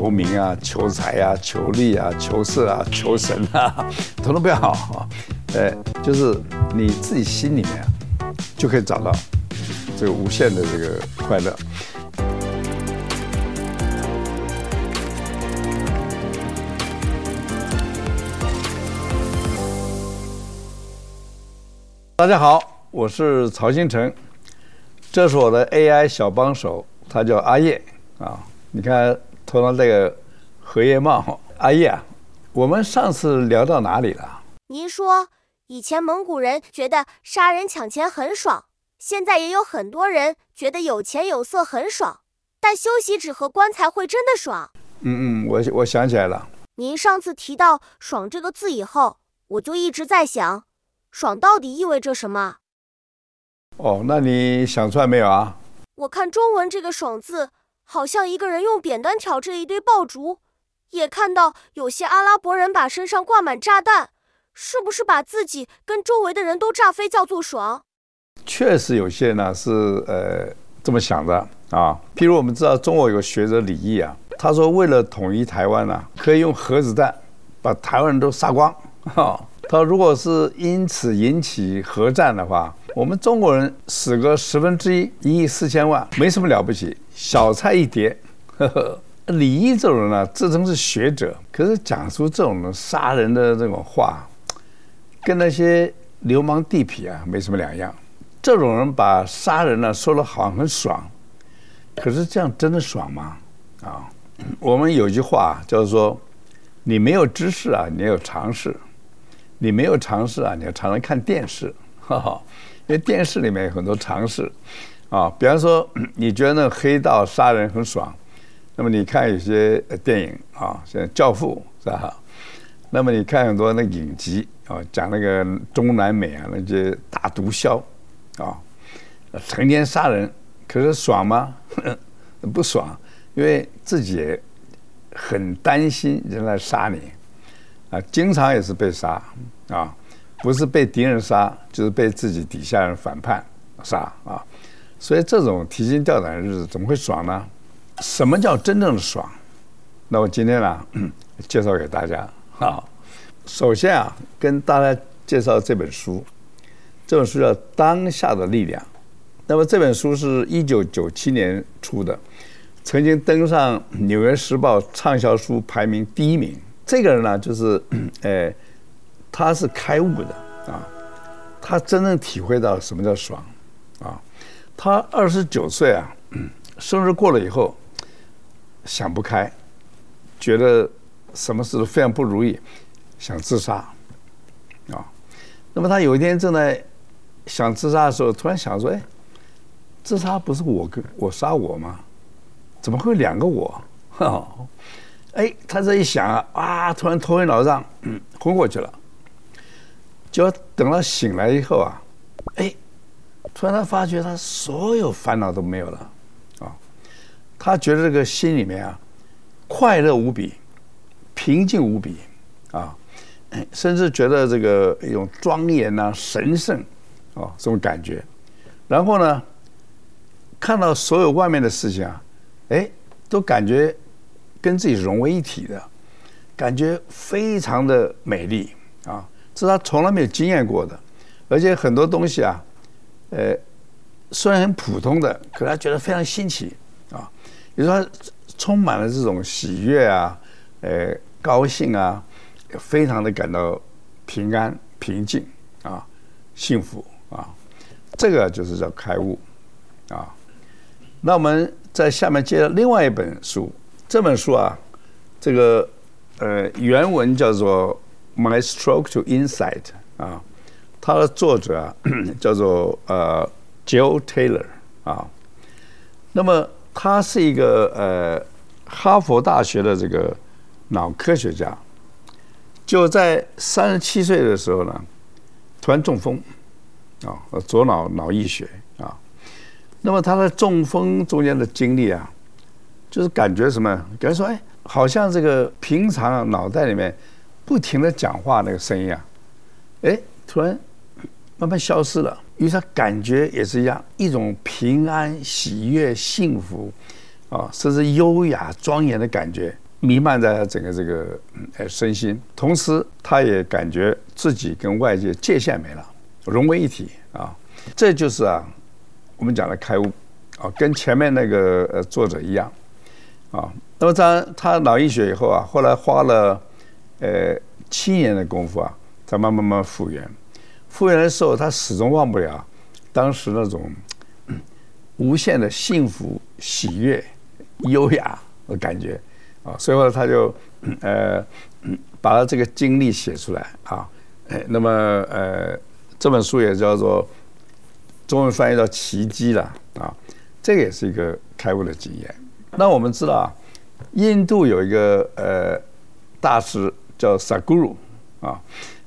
求名啊，求財啊，求利啊，求色啊，求神啊，統統不要好！哎，就是你自己心裡面、啊、就可以找到這個無限的這個快樂。大家好，我是曹興誠，這是我的 AI 小幫手，他叫阿葉啊，你看。頭到這個荷葉帽，阿姨啊，我們上次聊到哪裡了？您說，以前蒙古人覺得殺人搶錢很爽，現在也有很多人覺得有錢有色很爽，但修習止和觀才會真的爽？嗯嗯，我我想起來了。您上次提到“爽”這個字以後，我就一直在想，“爽”到底意味着什麼？哦，那你想出來沒有啊？我看中文這個“爽”字，好像一個人用扁擔挑着一堆爆竹，也看到有些阿拉伯人把身上掛滿炸彈，是不是把自己跟周圍的人都炸飛叫做爽？確實，有些人呢是呃這麼想的啊。譬如我們知道，中國有個學者李毅啊，他說為了統一台灣呢、啊，可以用核子彈把台灣人都殺光。哈、啊，他說如果是因此引起核戰的話，我們中國人死個十分之一，一億四千萬，沒什麼了不起。小菜一碟。呵呵。李毅這種人呢、啊，自稱是學者，可是講出這種人殺人的這種話，跟那些流氓地痞啊沒什麼兩樣。這種人把殺人呢、啊、說得好像很爽，可是這樣真的爽嗎？啊，我們有句話就、啊、是說，你沒有知識啊，你要有常識；你沒有常識啊，你要常常看電視，哈、啊、哈，因為電視裡面有很多常識。啊，比方說，你覺得那個黑道殺人很爽，那麼你看有些電影啊，像《教父》是吧？那麼你看很多那個影集啊，講那個中南美啊那些大毒梟啊，成天殺人，可是爽嗎？呵呵，不爽，因為自己很擔心人來殺你啊，經常也是被殺啊，不是被敵人殺，就是被自己底下人反叛殺啊。所以這種提心吊膽的日子怎麼會爽呢？什麼叫真正的爽？那我今天呢、啊嗯，介紹給大家。好，首先啊，跟大家介紹這本書，這本書叫《當下的力量》。那麼這本書是一九九七年出的，曾經登上《紐約時報》暢銷書排名第一名。這個人呢、啊，就是哎，他是開悟的啊，他真正體會到什麼叫爽啊。他二十九歲啊，生日過了以後，想不開，覺得什麼事都非常不如意，想自殺，啊、哦，那麼他有一天正在想自殺的時候，突然想說：“哎，自殺不是我跟我殺我嗎？怎麼會兩個我？”哈，哎，他這一想啊，啊，突然頭昏腦脹，昏、嗯、過去了，就等他醒來以後啊，哎。突然，他發覺他所有煩惱都沒有了，啊，他覺得這個心裡面啊，快樂無比，平靜無比，啊，甚至覺得這個一種莊嚴啊、神聖啊這種感覺。然後呢，看到所有外面的事情啊，哎，都感覺跟自己融為一體的感覺，非常的美麗啊，這是他從來沒有經驗過的，而且很多東西啊。呃，雖然很普通的，可他覺得非常新奇啊！比如說，充滿了這種喜悅啊，呃，高興啊，非常的感到平安、平靜啊、幸福啊，這個就是叫開悟啊。那我們在下面介紹另外一本書，這本書啊，這個呃原文叫做《My Stroke of Insight》啊。他的作者啊，叫做呃，Jill Taylor 啊。那麼他是一個呃哈佛大學的這個腦科學家，就在三十七歲的時候呢，突然中風，啊，左腦腦溢血啊。那麼他的中風中間的經歷啊，就是感覺什麼？感覺說，哎，好像這個平常腦袋裡面不停的講話那個聲音啊，哎，突然。慢慢消失了，因為他感覺也是一樣，一種平安、喜悅、幸福，啊，甚至優雅、莊嚴的感覺彌漫在他整個這個呃身心。同時，他也感覺自己跟外界界限沒了，融為一體啊。這就是啊，我們講的開悟啊，跟前面那個呃作者一樣啊。那麼他他腦溢血以後啊，後來花了呃七年的功夫啊，才慢慢慢慢復原。復原的時候，他始終忘不了當時那種無限的幸福、喜悅、優雅的感覺啊。所以，他他就呃，把他這個經歷寫出來啊。那麼呃，這本書也叫做中文翻譯叫《奇蹟》了啊。這個也是一個開悟的經驗。那我們知道，啊，印度有一個呃大師叫薩古魯啊，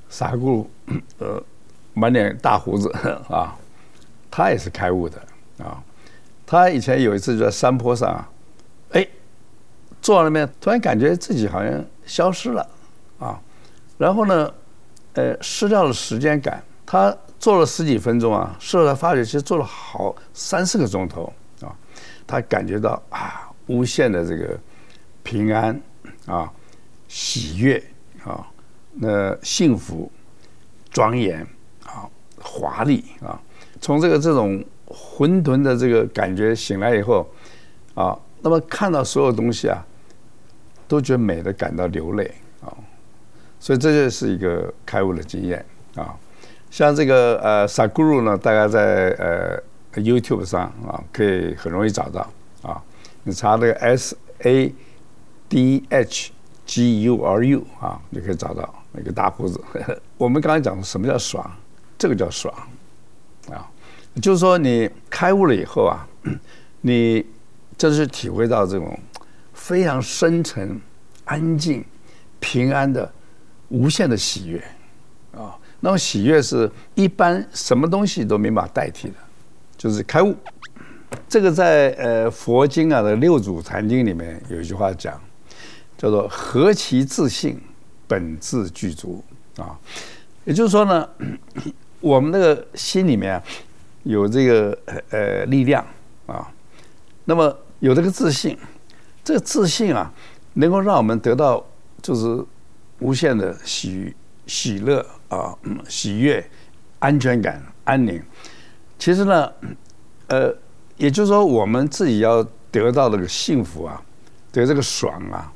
薩古魯呃。滿臉大鬍子啊，他也是開悟的啊。他以前有一次就在山坡上，啊，哎，坐在那邊突然感覺自己好像消失了啊。然後呢，呃，失掉了時間感。他坐了十幾分鐘啊，事後他發覺其實坐了好三四個鐘頭啊。他感覺到啊，無限的這個平安啊、喜悅啊、那幸福、莊嚴。啊，華麗啊！從這個這種混沌的這個感覺醒來以後，啊，那麼看到所有東西啊，都覺得美的，感到流淚啊。所以這就是一個開悟的經驗啊。像這個呃，Sadhguru 呢，大家在呃 YouTube 上啊，可以很容易找到啊。你查這個 S A D H G U R U 啊，你可以找到一個大鬍子。我們剛才講的，什麼叫爽？這個叫爽，啊，就是說你開悟了以後啊，你真是體會到這種非常深沉、安靜、平安的無限的喜悅啊！那種喜悅是一般什麼東西都沒法代替的，就是開悟。這個在呃佛經啊的六祖壇經裡面有一句話講，叫做“何期自性，本自具足”啊，也就是說呢。咳咳我們那個心裡面有這個呃力量啊，那麼有這個自信，這個自信啊，能夠讓我們得到就是無限的喜喜樂啊、喜悅、安全感、安寧。其實呢，呃，也就是說，我們自己要得到這個幸福啊，得這個爽啊，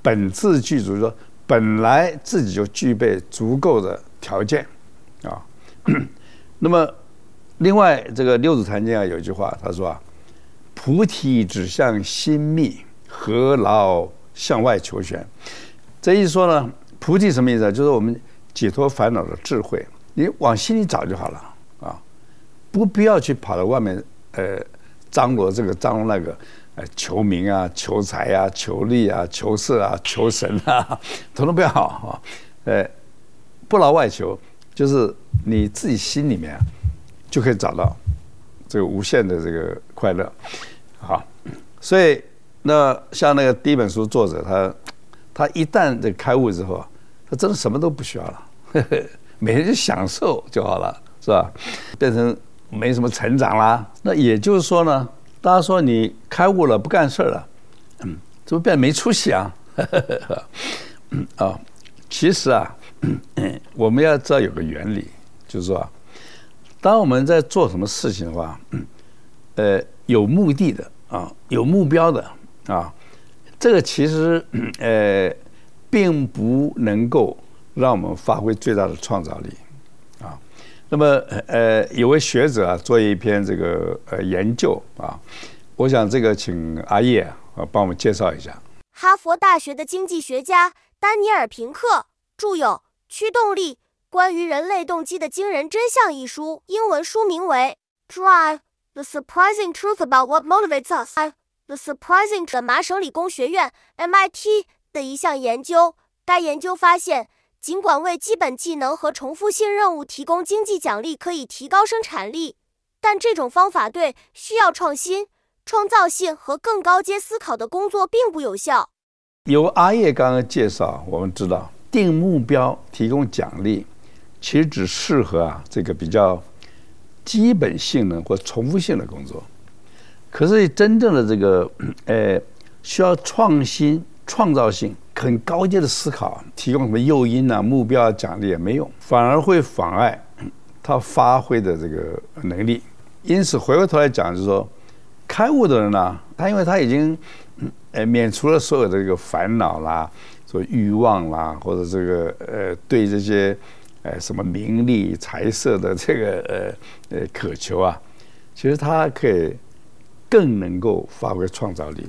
本質具足，說本來自己就具備足夠的條件啊。 那麼，另外這個《六祖壇經》啊，有一句話，他說啊：“菩提只向心覓，何勞向外求玄。”這一說呢，菩提什麼意思啊？就是我們解脫煩惱的智慧，你往心裡找就好了啊，不必要去跑到外面，呃，張羅這個張羅那個，呃，求名啊，求財啊，求利啊，求色啊，求神啊，統統不要好啊，呃、哎，不勞外求。就是你自己心裡面，就可以找到這個無限的這個快樂，好，所以那像那個第一本書作者，他他一旦這開悟之後，他真的什麼都不需要了，呵呵，每天就享受就好了，是吧？變成沒什麼成長啦，那也就是說呢，大家說你開悟了不幹事兒了，嗯，怎麼變沒出息啊？啊，其實啊。 我們要知道有個原理，就是說，當我們在做什麼事情的話，呃，有目的的啊，有目標的啊，這個其實呃，並不能夠讓我們發揮最大的創造力啊。那麼呃，有位學者啊，做一篇這個呃研究啊，我想這個請阿葉啊，幫我們介紹一下。哈佛大學的經濟學家丹尼爾·平克著有。驅動力：關於人類動機的驚人真相一書，英文書名為《Drive: The Surprising Truth About What Motivates Us》。The Surprising 的麻省理工學院 （MIT） 的一項研究，該研究發現，儘管為基本技能和重複性任務提供經濟獎勵可以提高生產力，但這種方法對需要創新、創造性和更高階思考的工作並不有效。由阿葉剛剛介紹，我們知道。定目標提供獎勵，其實只適合啊這個比較基本性能或重複性的工作。可是真正的這個，呃，需要創新、創造性、很高階的思考，提供什麼誘因啊、目標、啊、獎勵也沒用，反而會妨礙他發揮的這個能力。因此，回過頭來講，就是說，開悟的人呢、啊，他因為他已經，呃，免除了所有的這個煩惱啦。說欲望啦，或者這個呃，對這些，呃，什麼名利財色的這個呃呃渴求啊，其實他可以更能夠發揮創造力，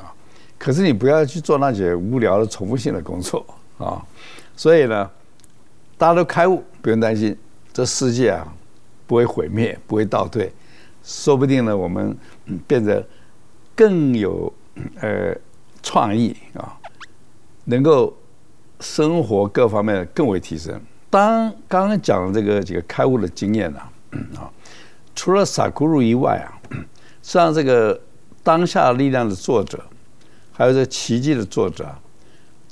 啊。可是你不要去做那些無聊的重複性的工作啊。所以呢，大家都開悟，不用擔心，這世界啊不會毀滅，不會倒退，說不定呢，我們變得更有呃創意啊。能夠生活各方面更為提升。當剛剛講的這個幾個開悟的經驗呢，啊，除了薩古魯以外啊，像這個當下力量的作者，還有這奇蹟的作者，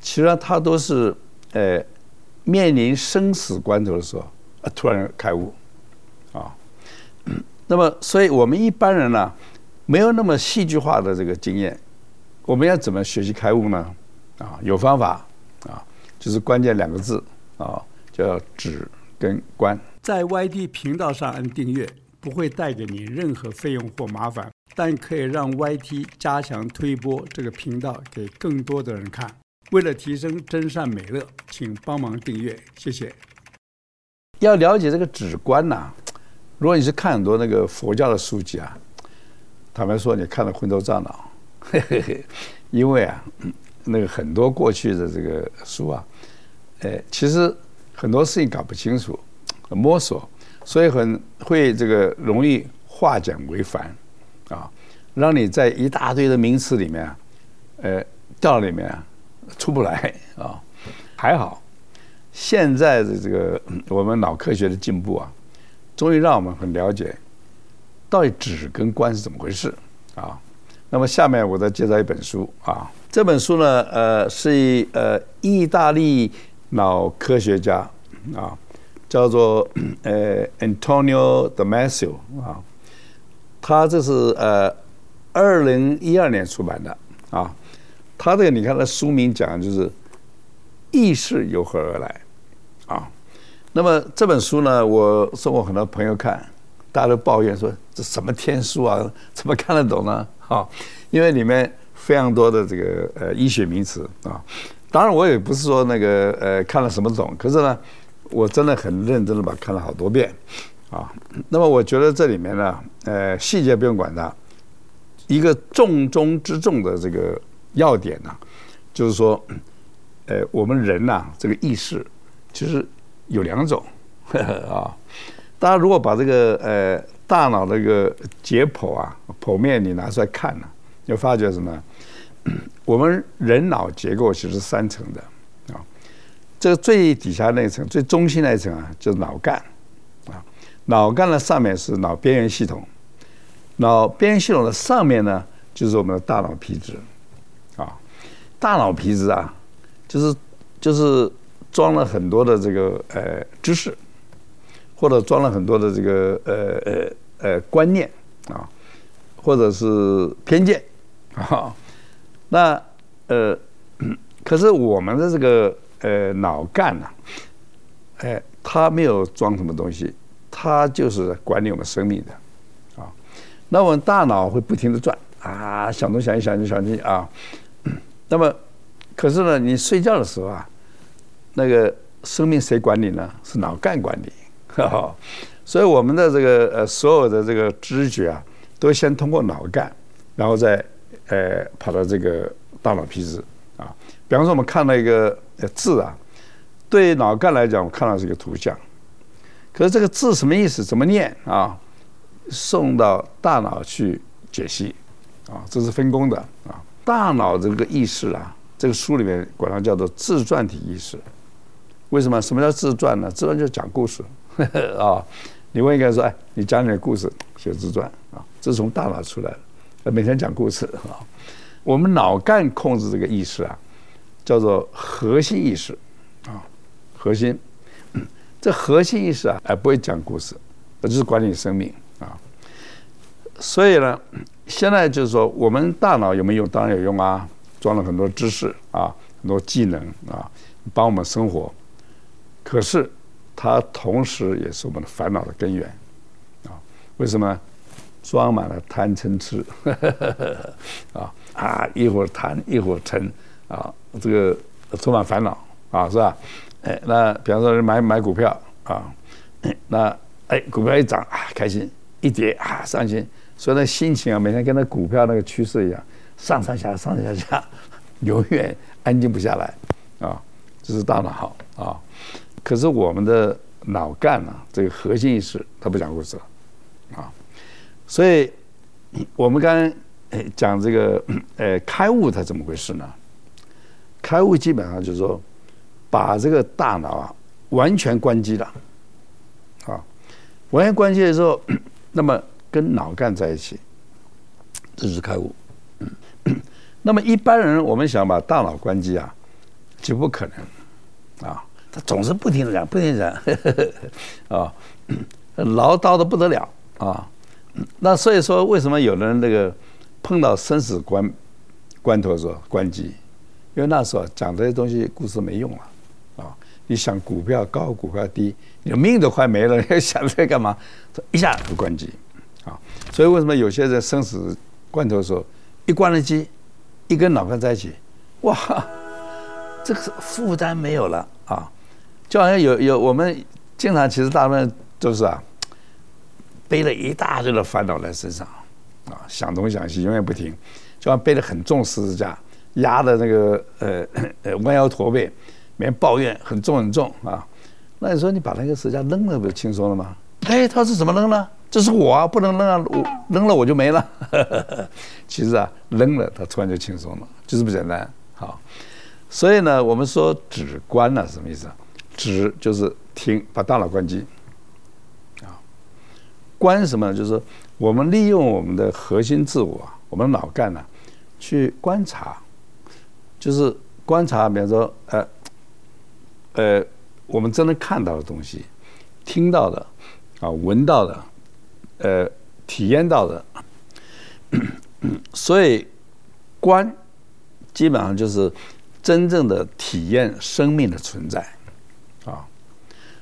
其實他，他都是呃、哎、面臨生死關頭的時候突然開悟，啊，那麼所以我們一般人呢、啊，沒有那麼戲劇化的這個經驗，我們要怎麼學習開悟呢？啊，有方法啊，就是關鍵兩個字啊，叫“止”跟“觀”。在 YT 頻道上按訂閱，不會帶給你任何費用或麻煩，但可以讓 YT 加強推播這個頻道給更多的人看。為了提升真善美樂，請幫忙訂閱，謝謝。要了解這個“止觀”啊吶，如果你是看很多那個佛教的書籍啊，坦白說，你看了昏頭脹腦，嘿嘿嘿，因為啊。嗯那個很多過去的這個書啊，哎、呃，其實很多事情搞不清楚，摸索，所以很會這個容易化簡為繁，啊，讓你在一大堆的名詞裡面，呃，掉裡面啊出不來啊。還好現在的這個我們腦科學的進步啊，終於讓我們很了解到底「止」跟「觀」是怎麼回事啊。那麼下面我再介紹一本書啊，這本書呢，呃，是呃意大利腦科學家啊，叫做呃 Antonio Damasio 啊，他這是呃二零一二年出版的啊，他這個你看他書名講就是意識由何而來啊，那麼這本書呢，我送過很多朋友看，大家都抱怨說這什麼天書啊，怎麼看得懂呢？好、哦，因為裡面非常多的這個呃醫學名詞啊，當然我也不是說那個呃看了什麼懂，可是呢，我真的很認真的把它看了好多遍啊。那麼我覺得這裡面呢，呃細節不用管它，一個重中之重的這個要點呢，就是說，呃我們人吶、啊、這個意識其實有兩種啊、哦，大家如果把這個呃。大腦那個解剖啊，剖面你拿出來看了、啊，你發覺什麼？我們人腦結構其實是三層的啊、哦。這個最底下那一層，最中心那一層啊，就是腦幹啊、哦。腦幹的上面是腦邊緣系統，腦邊緣系統的上面呢，就是我們的大腦皮質啊、哦。大腦皮質啊，就是就是裝了很多的這個呃知識。或者裝了很多的這個呃呃呃觀念啊，或者是偏見啊。那呃，可是我們的這個呃腦幹呢、啊，哎，它沒有裝什麼東西，它就是管理我們生命的啊。那我們大腦會不停的轉啊，想東想西想東想西啊、嗯。那麼，可是呢，你睡覺的時候啊，那個生命誰管理呢？是腦幹管理。哈哈，所以我們的這個呃，所有的這個知覺啊，都先通過腦幹，然後再呃跑到這個大腦皮質啊。比方說，我們看到一個字啊，對腦幹來講，我看到是一個圖像，可是這個字什麼意思？怎麼念啊？送到大腦去解析啊，這是分工的啊。大腦這個意識啊，這個書裡面管它叫做自傳體意識。為什麼？什麼叫自傳呢？自傳就是講故事。啊！ 你問一個人說：“哎，你講點故事，寫自傳啊？”這是從大腦出來的。每天講故事啊。我們腦幹控制這個意識啊，叫做核心意識啊。核心，這核心意識啊，哎，不會講故事，它就是管理生命啊。所以呢，現在就是說，我們大腦有沒有用？當然有用啊！裝了很多知識啊，很多技能啊，幫我們生活。可是。它同時也是我們的煩惱的根源，啊，為什麼呢？裝滿了貪嗔癡，啊啊，一會兒貪，一會兒嗔，啊，這個充滿煩惱，啊，是吧？哎，那比方說買買股票，啊，那哎，股票一漲啊開心，一跌啊傷心，所以那心情啊，每天跟那股票那個趨勢一樣，上上下下，上上下下，永遠安靜不下來，啊，這是大腦，啊。可是我們的腦幹呢、啊？這個核心意識，他不講故事了，啊，所以，我們剛才講這個，呃、哎，開悟它怎麼回事呢？開悟基本上就是說，把這個大腦啊完全關機了，啊，完全關機的時候，那麼跟腦幹在一起，這就是開悟、嗯。那麼一般人，我們想把大腦關機啊，就不可能，啊。總是不停的講，不停的講，啊呵呵、哦嗯，嘮叨的不得了啊、哦嗯。那所以說，為什麼有人那個碰到生死關關頭的時候關機？因為那時候講這些東西故事沒用了啊、哦。你想股票高，股票低，你的命都快沒了，你還想這幹嘛？一下就關機啊、哦。所以為什麼有些人生死關頭的時候一關了機，一根腦幹在一起，哇，這個負擔沒有了啊。哦就好像有有我們經常其實大部分都是啊，背了一大堆的煩惱在身上啊，想東想西永遠不停，就好像背的很重十字架，壓的那個呃呃彎腰駝背，每天抱怨很重很重啊。那你說你把那個十字架扔了，不就輕鬆了嗎？哎，他是怎麼扔呢？這是我不能扔啊，扔了我就沒了。其實啊，扔了他突然就輕鬆了，就這麼簡單。好，所以呢，我們說止觀呢，什麼意思？啊？止就是停，把大腦關機，啊，關什麼？就是我們利用我們的核心自我、啊，我們腦幹呢、啊，去觀察，就是觀察，比方說，呃，呃，我們真的看到的東西，聽到的，啊，聞到的，呃，體驗到的，所以，觀，基本上就是真正的體驗生命的存在。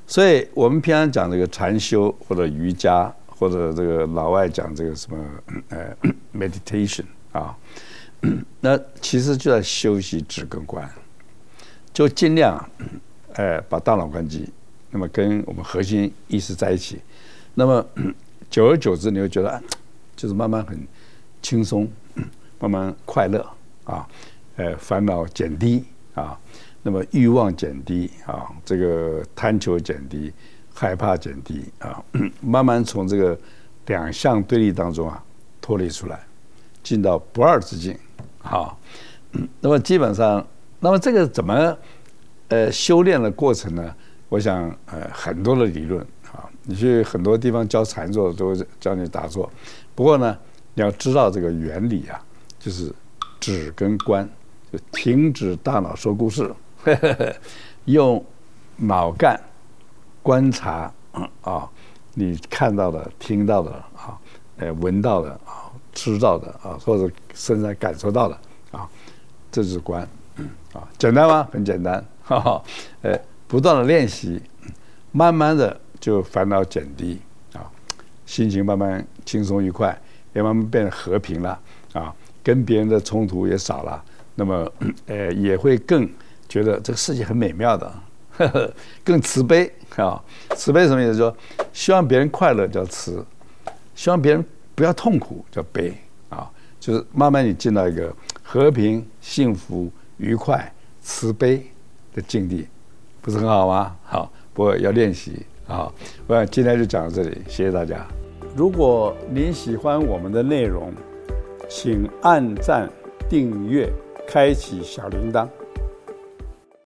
所以我們平常講這個禪修，或者瑜伽，或者這個老外講這個什麼呃 meditation 啊，那其實就在修習止跟觀，就儘量哎把大腦關機，那麼跟我們核心意識在一起，那麼久而久之你會覺得就是慢慢很輕鬆，慢慢快樂啊，呃煩惱減低啊。那麼欲望減低啊，這個貪求減低，害怕減低啊，慢慢從這個兩相對立當中啊脫離出來，進到不二之境，好。嗯、那麼基本上，那麼這個怎麼呃修煉的過程呢？我想呃很多的理論啊，你去很多地方教禪坐都教你打坐，不過呢，你要知道這個原理啊，就是止跟觀，就停止大腦說故事。 用腦幹觀察啊，你看到的、聽到的啊、呃、聞到的啊、吃到的啊，或者身上感受到的啊，這是觀啊、嗯嗯，簡單嗎？嗯？很簡單，哈哈，呃，不斷的練習，慢慢的就煩惱減低啊，心情慢慢輕鬆愉快，也慢慢變得和平了啊，跟別人的衝突也少了，那麼呃也會更。覺得這個世界很美妙的，呵呵更慈悲啊、哦！慈悲什麼意思？說希望別人快樂叫慈，希望別人不要痛苦叫悲啊、哦！就是慢慢你進到一個和平、幸福、愉快、慈悲的境地，不是很好嗎？好、哦，不過要練習啊！我、哦、想今天就講到這裡，謝謝大家。如果您喜歡我們的內容，請按贊、訂閱、開啟小鈴鐺。